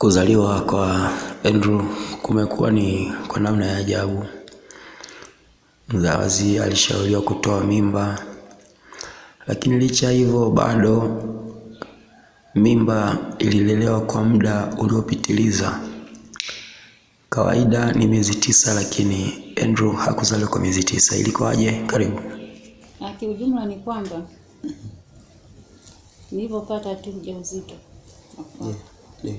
Kuzaliwa kwa Andrew kumekuwa ni kwa namna ya ajabu. Mzazi alishauriwa kutoa mimba, lakini licha hivyo bado mimba ililelewa kwa muda uliopitiliza. Kawaida ni miezi tisa, lakini Andrew hakuzaliwa kwa miezi tisa. Ilikuwaje? Karibu. Kiujumla ni kwamba nilipopata tu ujauzito yeah. yeah.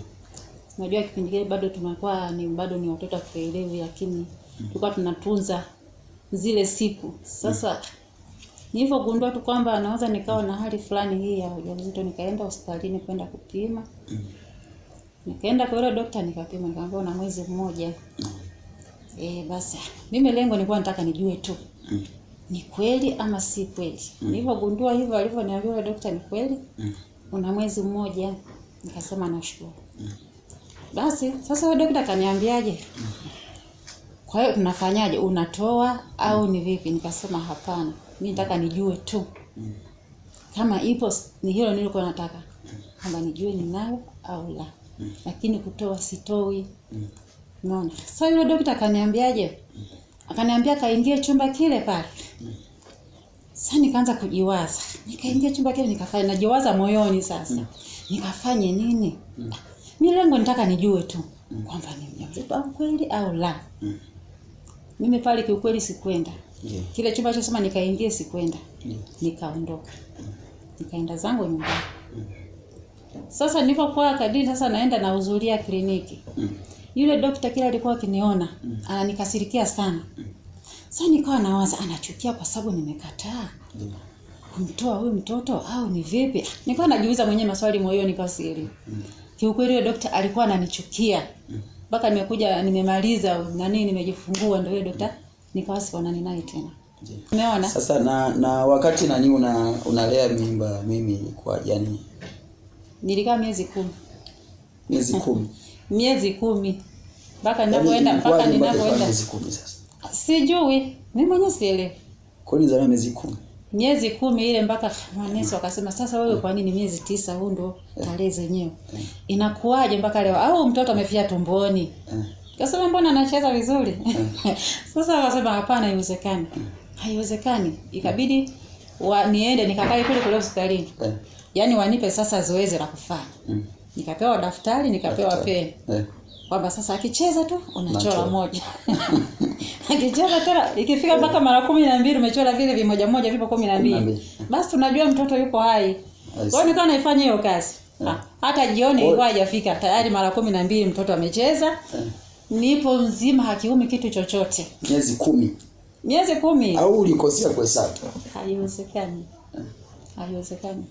Unajua kipindi kile bado tunakuwa ni bado ni watoto hatuelewi, lakini tulikuwa tunatunza zile siku. Sasa nilivyogundua tu kwamba naweza nikawa na hali fulani hii ya ujauzito, nikaenda hospitalini kwenda kupima. Nikaenda kwa yule daktari nikapima, nikamwambia una mwezi mmoja. Eh, basi mimi lengo nilikuwa nataka nijue tu ni kweli ama si kweli. Nilivyogundua hivyo, alivyoniambia yule daktari ni kweli, una mwezi mmoja, nikasema nashukuru. Basi sasa huyo dokta kaniambiaje, kwa hiyo tunafanyaje, unatoa au ni vipi? Nikasema hapana, mi nataka nijue tu kama ipo. Ni hilo nilikuwa nataka kwamba nijue ninayo au la, lakini kutoa sitoi. Unaona? Sasa yule dokta akaniambiaje? Akaniambia kaingie chumba kile pale. Sasa nikaanza kujiwaza. Nikaingia chumba kile nikafanya najiwaza moyoni sasa. Nikafanye nini? mi lengo nitaka nijue tu mm. kwamba ni mjamzito au kweli au la mm. mimi pale kiukweli sikwenda yeah. kile chumba chosema nikaingie sikwenda yeah. nikaondoka mm. nikaenda zangu nyumbani mm. sasa nilipokuwa kadiri sasa naenda nahudhuria kliniki mm. yule dokta kila alikuwa akiniona mm. ananikasirikia sana mm. sasa nikawa nawaza anachukia kwa sababu nimekataa yeah kumtoa huyu mtoto au ni vipi? nikawa najiuliza mwenyewe maswali moyoni kwa siri. Mm kiukweli yule dokta alikuwa ananichukia mpaka nimekuja nimemaliza nani nimejifungua, ndio yule dokta nikawa sikonani naye tena. Umeona sasa na, na wakati nani una unalea mimba, mimi ilikuwa yani nilikaa miezi kumi miezi kumi miezi kumi mpaka yaani ninapoenda mpaka ninapoenda miezi kumi sasa sijui mimi mwenyewe sielewi, kwa nini zamani miezi kumi miezi kumi ile mpaka manesi wakasema, sasa wewe kwa nini miezi tisa? Huu ndo tarehe zenyewe, inakuwaje mpaka leo? Au mtoto amefia tumboni? Kasema mbona anacheza vizuri sasa wakasema hapana, haiwezekani, haiwezekani. Ikabidi wa, niende nikakae kule kule hospitalini, yaani wanipe sasa zoezi la kufanya. Nikapewa daftari, nikapewa peni, eh. kwamba sasa akicheza tu unachora moja akicheza tena ikifika mpaka mara kumi na mbili umechora vile vimoja moja vipo kumi na mbili basi tunajua mtoto yuko hai. Kwa nikawa naifanya hiyo kazi yeah. Ah, hata jioni ilikuwa hajafika tayari mara kumi na mbili mtoto amecheza, nipo mzima, hakiumi kitu chochote. Miezi kumi, miezi kumi. Au ulikosea kuhesabu? Haiwezekani, haiwezekani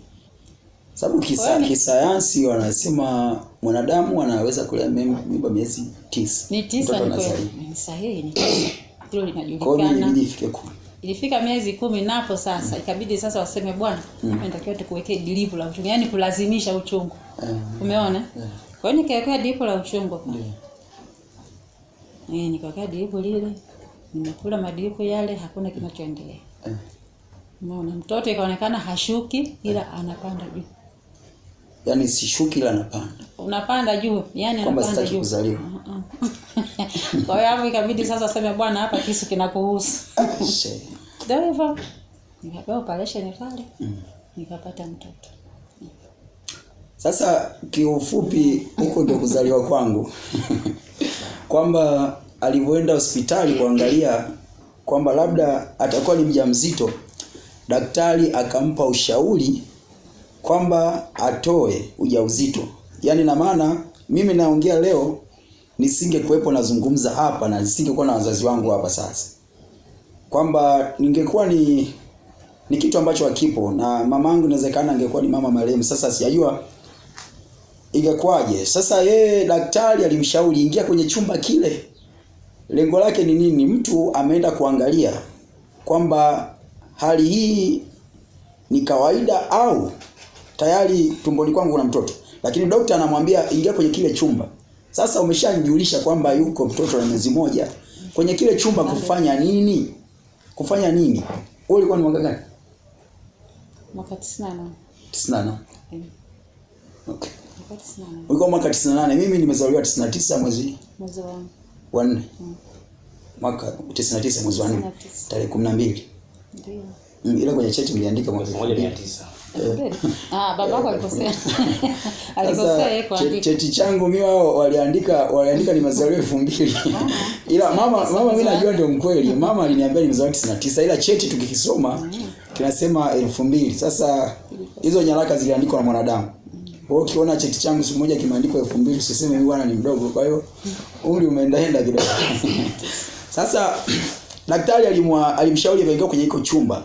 sababu kisa kisayansi wanasema mwanadamu anaweza kulea mimba miezi tisa. Ni tisa ni kweli. Ni sahihi ni hilo linajulikana. Ilifika miezi kumi napo sasa mm. Ikabidi sasa waseme bwana mm. Natakiwa tukuwekee dilipu la uchungu, yaani kulazimisha uchungu mm. Umeona? mm. Kwa hiyo nikawekea dilipu la uchungu yeah. Eh, nikawekea dilipu lile, nimekula madilipu yale, hakuna kinachoendelea mm. Umeona, mtoto ikaonekana hashuki ila mm. Anapanda juu yani sishuki la napanda. Unapanda juu, yani kwamba sitaki kuzaliwa. Kwa hiyo hapo ikabidi sasa useme bwana, hapa kisu kinakuhusu. Ndio hivyo. Nikapewa operation pale. Mm. Nikapata mtoto. Sasa kiufupi, huko ndio kuzaliwa kwangu kwamba alivyoenda hospitali kuangalia kwamba labda atakuwa ni mjamzito, daktari akampa ushauri kwamba atoe ujauzito. Yaani na maana mimi naongea leo nisingekuwepo nazungumza hapa na nisingekuwa na wazazi wangu hapa sasa. Kwamba ningekuwa ni ni kitu ambacho hakipo na mamangu inawezekana angekuwa ni mama marehemu. Sasa sijajua ingekwaje. Sasa yeye daktari alimshauri ingia kwenye chumba kile. Lengo lake ni nini? Mtu ameenda kuangalia kwamba hali hii ni kawaida au tayari tumboni kwangu kuna mtoto, lakini daktari anamwambia ingia kwenye kile chumba. Sasa umeshajulisha kwamba yuko mtoto na mwezi moja kwenye kile chumba, kufanya nini? Kufanya nini? Wewe ulikuwa ni mwaka gani? Mwaka 98. 98. Eh. Okay. Ulikuwa mwaka 98. Mimi nimezaliwa 99 mwezi mwezi wa 4. Mm. Mwaka 99 mwezi wa 4. Tarehe 12. Ndio. Mm, ila kwenye cheti mliandika mwaka 1900. Ah, cheti changu mi wao waliandika waliandika ni mazaliwa mbili Ila mama mama mimi najua ndio mkweli. Mama aliniambia ni tisina tisa ila cheti tukikisoma kinasema mm. elfu mbili Sasa hizo nyaraka ziliandikwa na mwanadamu. ukiona cheti changu siku moja kimeandikwa elfu mbili usiseme mimi bwana ni mdogo. Kwa hiyo umri umeendaenda kidogo. Sasa daktari alimshauri aingie kwenye iko chumba.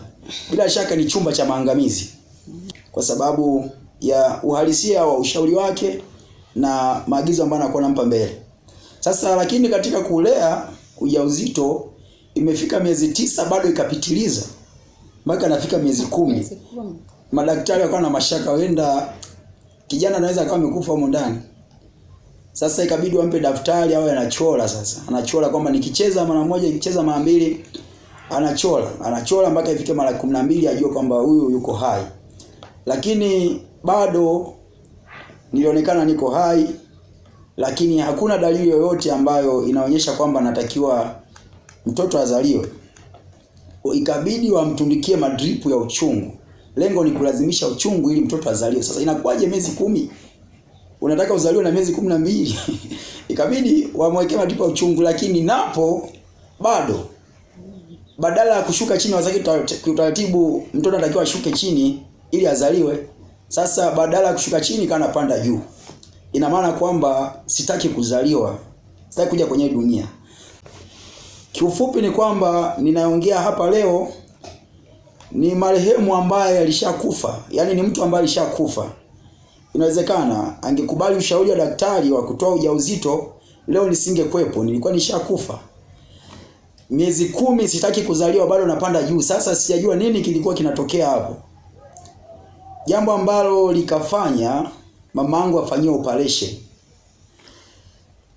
Bila shaka ni chumba cha maangamizi kwa sababu ya uhalisia wa ushauri wake na maagizo ambayo anakuwa nampa mbele. Sasa lakini katika kulea ujauzito imefika miezi tisa bado ikapitiliza mpaka nafika miezi kumi, madaktari wakawa na mashaka, huenda kijana anaweza akawa amekufa humo ndani. Sasa ikabidi wampe daftari au anachora. Sasa anachora kwamba nikicheza mara moja, nikicheza mara mbili, anachora anachora mpaka ifike mara kumi na mbili ajue kwamba huyu yuko hai lakini bado nilionekana niko hai, lakini hakuna dalili yoyote ambayo inaonyesha kwamba natakiwa mtoto azaliwe. Ikabidi wamtundikie madripu ya uchungu, lengo ni kulazimisha uchungu ili mtoto azaliwe. Sasa inakuwaje miezi kumi unataka uzaliwe na miezi kumi na mbili? Ikabidi wamwekee madripu ya uchungu, lakini napo bado badala ya kushuka chini, wazake utaratibu mtoto anatakiwa ashuke chini ili azaliwe. Sasa badala ya kushuka chini kana panda juu. Ina maana kwamba sitaki kuzaliwa, sitaki kuja kwenye dunia. Kiufupi ni kwamba ninaongea hapa leo ni marehemu ambaye alishakufa, yaani ni mtu ambaye alishakufa. Inawezekana angekubali ushauri wa daktari wa kutoa ujauzito leo nisingekwepo, nilikuwa nishakufa. Miezi kumi sitaki kuzaliwa, bado napanda juu. Sasa sijajua nini kilikuwa kinatokea hapo jambo ambalo likafanya mamangu afanyiwe operation.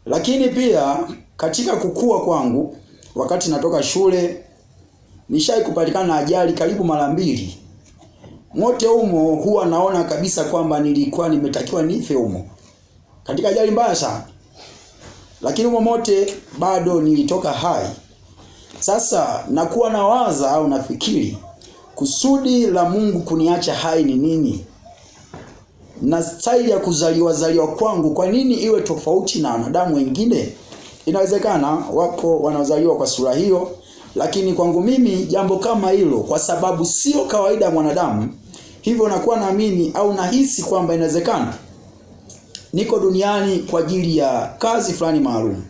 Lakini pia katika kukua kwangu, wakati natoka shule, nishai kupatikana na ajali karibu mara mbili. Mote humo huwa naona kabisa kwamba nilikuwa nimetakiwa nife humo, katika ajali mbaya sana, lakini humo mote bado nilitoka hai. Sasa nakuwa nawaza au nafikiri Kusudi la Mungu kuniacha hai ni nini? Na staili ya kuzaliwa zaliwa kwangu kwa nini iwe tofauti na wanadamu wengine? Inawezekana wako wanaozaliwa kwa sura hiyo, lakini kwangu mimi jambo kama hilo, kwa sababu sio kawaida ya mwanadamu, hivyo nakuwa naamini au nahisi kwamba inawezekana niko duniani kwa ajili ya kazi fulani maalum.